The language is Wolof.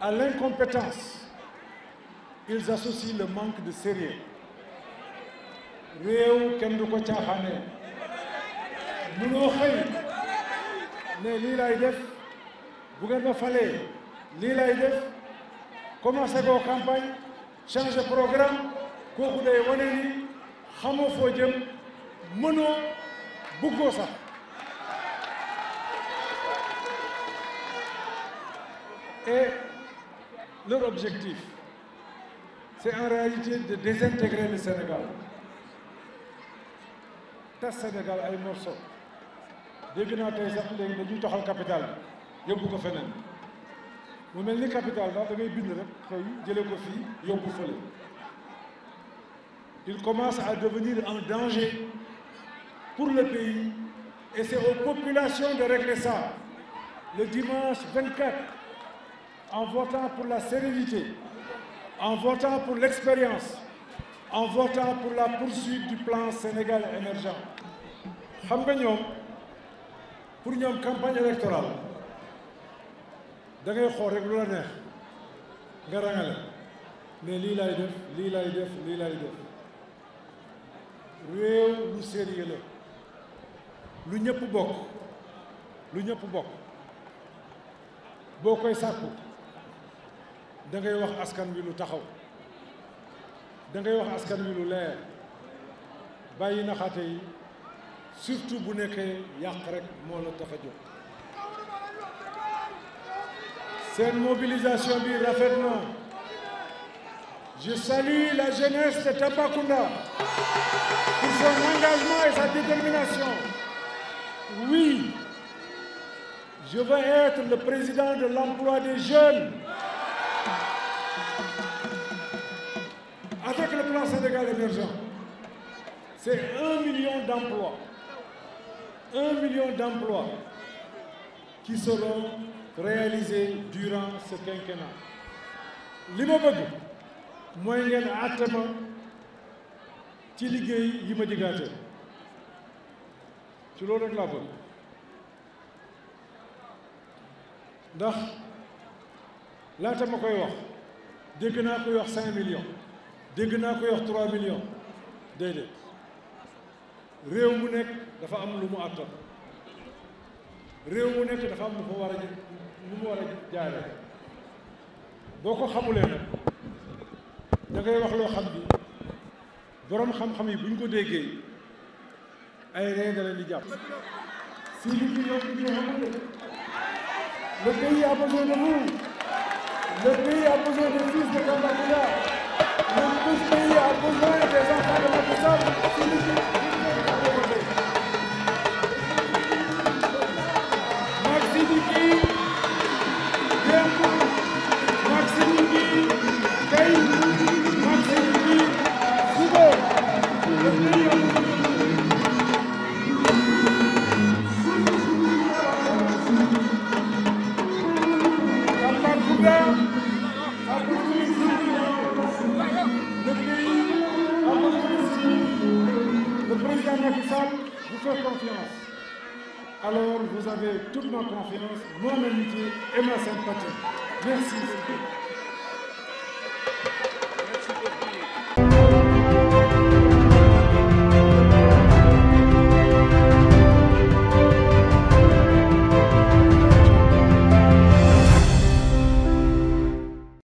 à l'incompétence, ils associent le manque de sérieux. Réo kenn du ko caaxaane munoo xëy ne lii lay def bu ngeen ma falee programme kooku de wane ni xamoo foo Et leur objectif, c'est en réalité de désintégrer le Sénégal. tas Sénégal ay morceaux dégg naa tey sax léegi du toxal capital yóbbu ko feneen mu le capital da rek il commence à devenir un danger pour le pays et c'est aux populations de régler ça le dimanche 24 en votant pour la sérénité, en votant pour l'expérience, en votant pour la poursuite du plan Sénégal émergent. xam pour une campagne électorale nous ngay nous mais sérieux da ngay wax askan wi lu taxaw da ngay wax askan wi lu leer bàyyi naxaate yi surtout bu nekkee yàq rek moo la tax a mobilisation bi rafet je salue la jeunesse de Tambacounda pour son engagement et sa détermination oui je veux être le président de l'emploi des jeunes avec le plan Sénégal émergent, c'est un million d'emplois, un million d'emplois qui seront réalisés durant ce quinquennat. li ma bëgg mooy ngeen qui ma ci liggéey yi ma la ci loolu rek laa bëgg wax dégg naa koy wax cinq millions dégg naa koy wax trois millions déedéet réew mu nekk dafa am lu mu àttan réew mu nekk dafa am lu fa war a lu mu war a boo ko xamulee nag da wax loo xam bi boroom xam-xam yi bu ñu ko déggee ay ree da jàpp si li bi ñu xamante le pays a besoin de Le pays a besoin de fils de c a m n o d g e Le président vous faites confiance. Alors vous avez toute ma confiance, mon amitié et ma sympathie. Merci.